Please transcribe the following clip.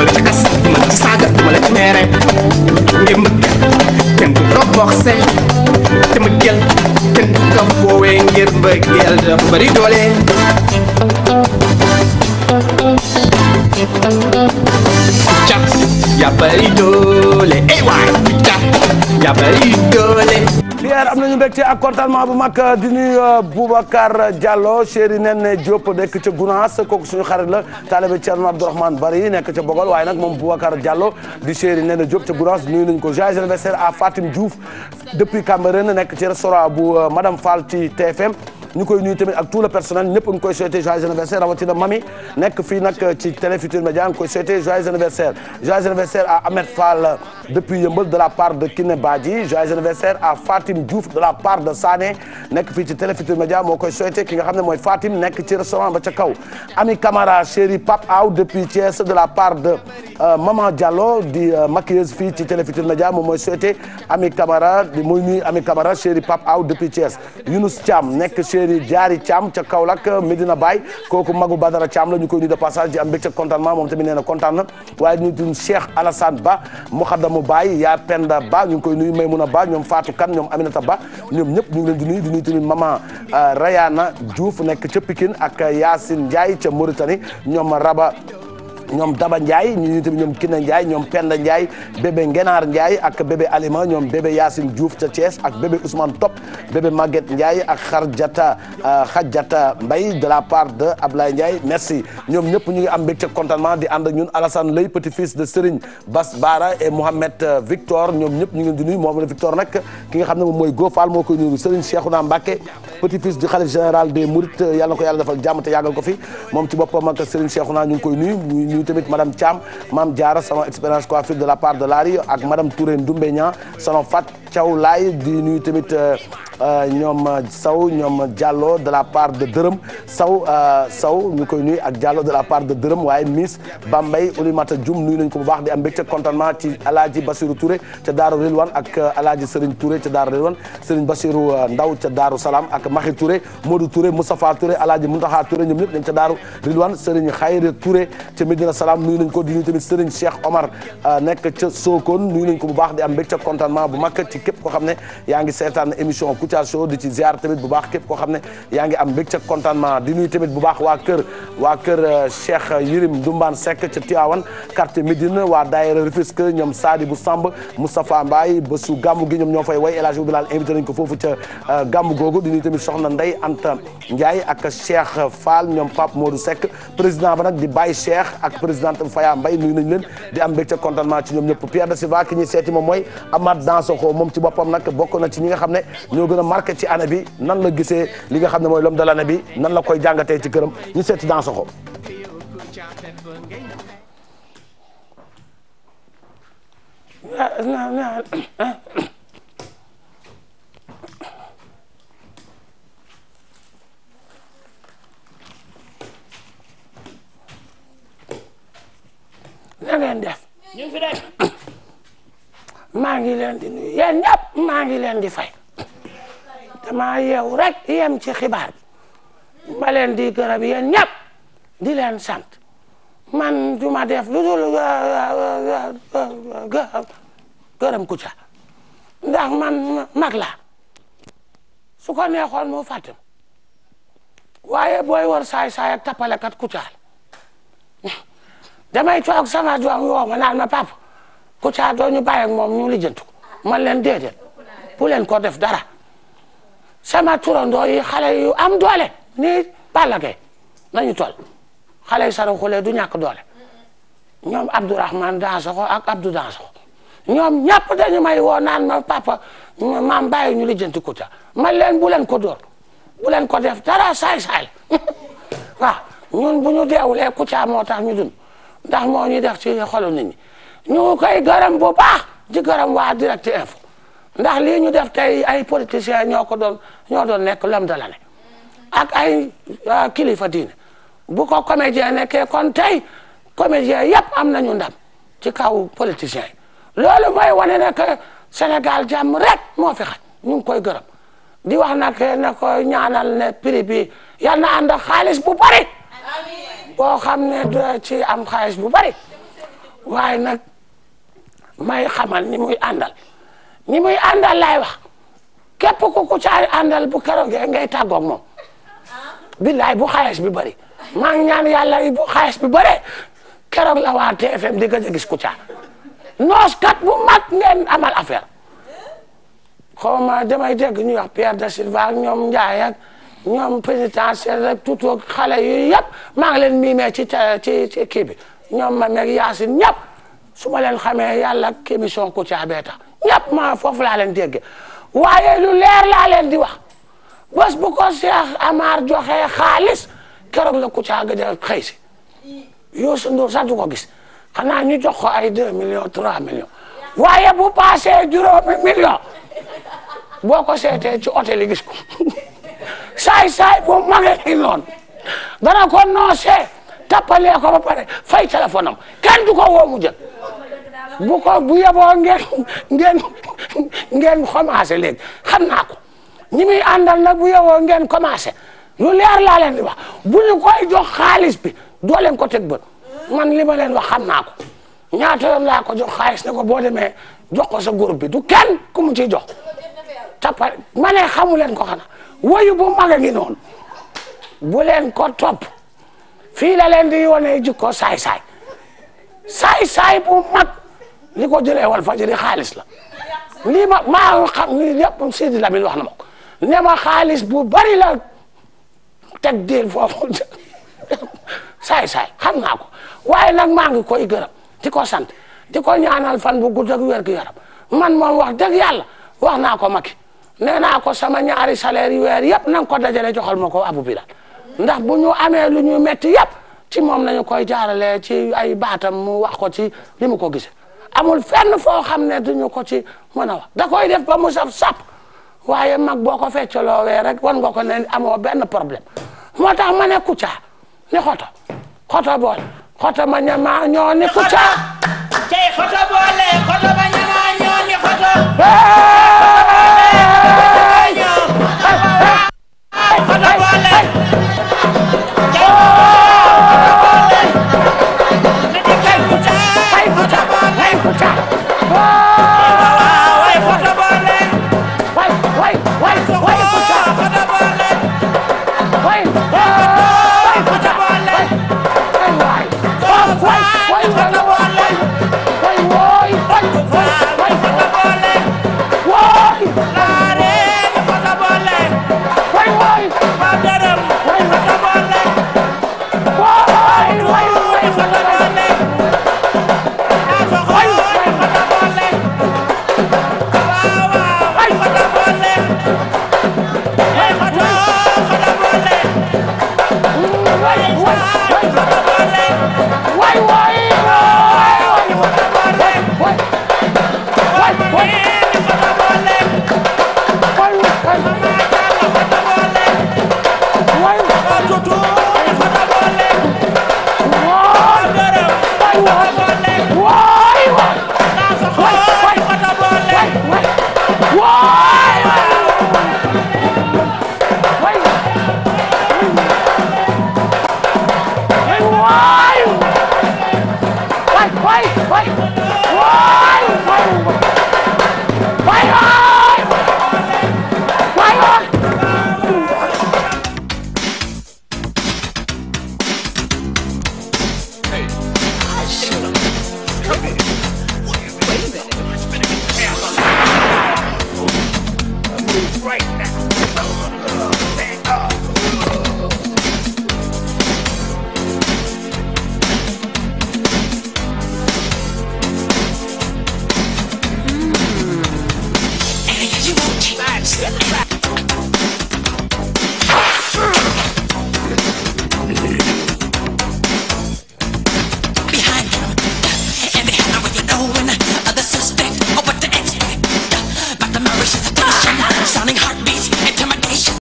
duma la ci xas duma la ci duma la ci meere ngeen bëgg du roboxé te mu du ko foowee ngir bëggeel dafa bari doole ku cat yaa bari doole ey waay ku nañu mbégte ak contentement bu mag di nuyu euh, Boubacar Diallo chéri Nene Diop nekk ca Gunaas kooku suñu xarit la taalibe Thierno Abdourahmane Bari nekk ca Bogol waaye nag moom Boubacar Diallo di chéri Nene Diop ca Gunaas nuyu nañu ko joyeux anniversaire à Fatim Diouf depuis Cambérène nekk ci restaurant bu euh, Madame Fall ci TFM ñu koy nuyu tamit le personnel ñëpp ñu koy souhaité fii nag ci Télé Futur Média ñu koy souhaité joyeux anniversaire joyeux anniversaire à Ahmed Fall depuis Yëmbal de la part de Kiné Badji joyeux anniversaire à Fatim Diouf de la part de Sané nekk fii ci Télé Futur Média moo koy souhaité ki nga ne mooy Fatim nekk ci restaurant ba ca kaw Ami Camara chéri Pape Aw depuis Thiès de la part de euh, Maman Diallo di euh, maquilleuse fii ci Télé Futur Média moom mooy souhaité Ami Camara di muy nuyu Ami Camara chéri Pape Aw depuis Thiès Younous Thiam séeri jaari Thiam ca Kaolack Medina Baye kooku magu Badara Thiam la ñu koy nuyu de passage di am mbégte contentement moom tamit nee na kontaan na waaye ñu tudd Cheikh Alassane Ba Mouhadamou Baye yaa Penda Ba ñu ngi koy nuyu Maymouna Ba ñoom Fatou Kane ñoom Aminata Ba ñoom ñëpp ñu ngi leen di nuyu di nuyu tamit maman euh, Rayana Diouf nekk ca Pikine ak Yacine Ndiaye ca Mauritanie ñoom Raba ñoom Daba Ndiaye ñu ñu tamit ñoom Kina Ndiaye ñoom Penda Ndiaye bébé Ngenaar Ndiaye ak bébé aliment ñoom bébé Yacine Diouf ca Thiès ak bébé Ousmane Top bébé Maguette Ndiaye ak Xarjata Xajjata euh, Mbaye de la part de Ablaye Ndiaye merci ñoom ñëpp ñu ngi am mbégte contentement di ànd ak ñun Alassane Lay petit fils de Serigne Bass Bara et Mohamed euh, Victor ñoom ñëpp ñu ngi leen di nuyu moom Victor nag ki nga xam ne moom mooy Gofal moo koy nuyu Serigne Cheikhouna Mbacké petit fils du xalif général des Mourides yàlla na ko yàlla defal jàmm te yàggal ko fi moom ci boppam ak Serigne Cheikhouna ñu ngi koy nuyu nuyu tamit madame Thiam Mame Diarra salon expérience coiffure de la part de Lari ak madame Touré Ndoumbé Niang salon Fat Thiaw Laay di nuyu tamit euh, euh, ñoom euh, Saw ñoom Diallo de la part de Dërëm Saw Saw ñu koy nuyu ak Diallo de la part de Dërëm waaye Miss Bambay Oulimata Dioum nuyu nañ ko bu baax di am mbégte contentement ci Alaaji Basiru Touré ca Daaru Rilwan ak Alaaji Serigne Touré ca Daaru Rilwan Serigne Basiru Ndaw ca Daaru Salaam ak Maxi Touré Modou Touré Moustapha Touré Alaaji Muntaxa Touré ñoom ñëpp dañ ca Daaru Rilwan Serigne Xayre Touré ca Medina Salaam nuyu nañ ko di nuyu tamit Serigne Cheikh Omar nekk ca Sokone nuyu nañ ko bu baax di am mbégte contentement bu mag ci ci képp koo xam ne yaa ngi seetaan émission Kouthia Show di ci ziar tamit bu baax képp koo xam ne yaa ngi am mbégte contentement di nuyu tamit bu baax waa kër waa kër euh, Cheikh Yirim Dumbaan Seck ca Tiawan quartier Médine waa daayira Rufisque ñoom Sadi bu Samb Moustapha Mbaye bésu gàmmu gi ñoom ñoo fay way El Hadj Bilal invité nañ ko foofu ca euh, gàmmu googu di nuyu tamit soxna Ndey Anta Ndiaye ak Cheikh Fall ñoom Pape Modou Seck président ba nag di Baye Cheikh ak présidente Faya Mbaye nuyu nañ leen di am mbégte contentement ci ñoom ñëpp Pierre de Silva ki ñuy seeti moom mooy Amath Dansokho moom ci boppam nag bokk na ci ñi nga xam ne ñoo gën a marqué ci année bi nan la gisee li nga xam ne mooy l'homme de l'année bi nan la koy jàngatee ci këram ñu seeti dans soxo ngi leen di fay dama yeew rek yem ci xibaar bi ma leen di gërëm yen ñëpp di leen sant man du ma def lu euh, euh, euh, gërëm ku ca ndax man mag laa su ko neexoon mu fàttam waaye booy war saay-saay ak tappalekat kucaal damay toog sama doom woo ma naan ma papa kucaa doo ñu bàyyi moom ñu lijjantu ko leen déedéet bu leen ko def dara sama turandoo yi xale yu am doole nii Balla Gaye nañu toll xale yu saraxule du ñàkk doole ñoom Abdourahman Dansokho ak Abdou Dansokho ñoom ñëpp dañu may woo naan ma papa maam bàyyi ñu lijjanti Kouthia man leen bu leen ko door bu leen ko def dara saay saay waaw ñun bu ñu deewulee Kouthia moo tax ñu dund ndax moo ñu def ci xolu nit ñi ñu koy gërëm bu baax di gërëm waa direct info ndax lii ñu def tey ay politiciens ñoo ko doon ñoo doon nekk l'homme de ak ay ah, kilifa diine bu ko comédien nekkee kon tey comédien yëpp am nañu ndam ci kaw politiciens yi loolu mooy wane ne que Sénégal jàmm moo fi xaj ñu ngi koy gërëm di wax nag na ko ñaanal ne prix bi yal na ànd ak xaalis bu bari boo xam ne ci am xaalis bu bari waaye nag may xamal ni muy àndal. ñi muy àndal laay wax képp ku ku ca àndal bu keroogee ngay tàggoog moom billaay bu xaalis bi bëri maa ngi ñaan yàlla bu xaalis bi bëree keroog la waa TFM di gëj a gis Kouthia nooskat bu mag ngeen amal affaire xaw ma damay dégg ñuy wax Pierre de Silva ak ñoom Ndiaye ak ñoom présidentiel rek tuutoog xale yu yëpp maa ngi leen miimee ci ci ci kii bi ñoom ma meeg Yacine ñëpp su ma leen xamee yàlla ak émission Kouthia bee ñëpp ma foofu laa leen dégg waaye lu leen di wax bés bu ko Cheikh Amar joxee xaalis keroog la Kouthia gëj a xëy si Youssou Ndour sax du ko gis ñu jox ko ay 2 millions 3 millions waaye bu passé juróomi million boo ko seetee ci hôtel yi gis ko saay saay bu magee noonu dana ko noosee tappalee ko ba pare fay téléphone kenn du ko jël bu ko bu yeboo ngeen ngeen ngeen commencé léegi xam naa ko ñi muy àndal nag bu yeboo ngeen commencé lu leer laa leen di wax bu ñu koy jox xaalis bi doo leen ko teg bët man li ma leen wax xam naa ko ñaata yoon laa ko jox xaalis ne ko boo demee jox ko sa groupe bi du kenn ku mu ciy jox tappa ma ne xamu leen ko xanaa woyu bu mag a ngi noonu bu leen ko topp fii la leen di yónnee jikko saay-saay saay-saay bu mag li ko jëlee wal fajiri xaalis la lii ma maa xam ni yëpp Sidi Lamine wax na ma ko ne ma xaalis bu bari la teg diil foofu saay saay xam naa ko waaye nag maa ngi koy gërëm di ko sant di ko ñaanal fan bu gudd ak wér gu yaram man moom wax dëgg yàlla wax naa ko Macky ne naa ko sama ñaari salaire yu weer yëpp na nga ko dajale joxal ma ko Abu bila ndax bu ñu amee lu ñu metti yëpp ci moom nañu koy jaarale ci ay baatam mu wax ko ci li mu ko gise amul fenn foo xam ne duñu ko ci mën a wax da koy def ba mu saf sap waaye mag boo ko feccaloowee rek wan nga ko ne amoo benn problème moo tax ma ne Kouthia ni xoto xoto boole xoto ma ñama ñoo ni Kouthia cey xoto boole xoto ma ñama ñoo ni xoto xoto boole Why? match. Step back.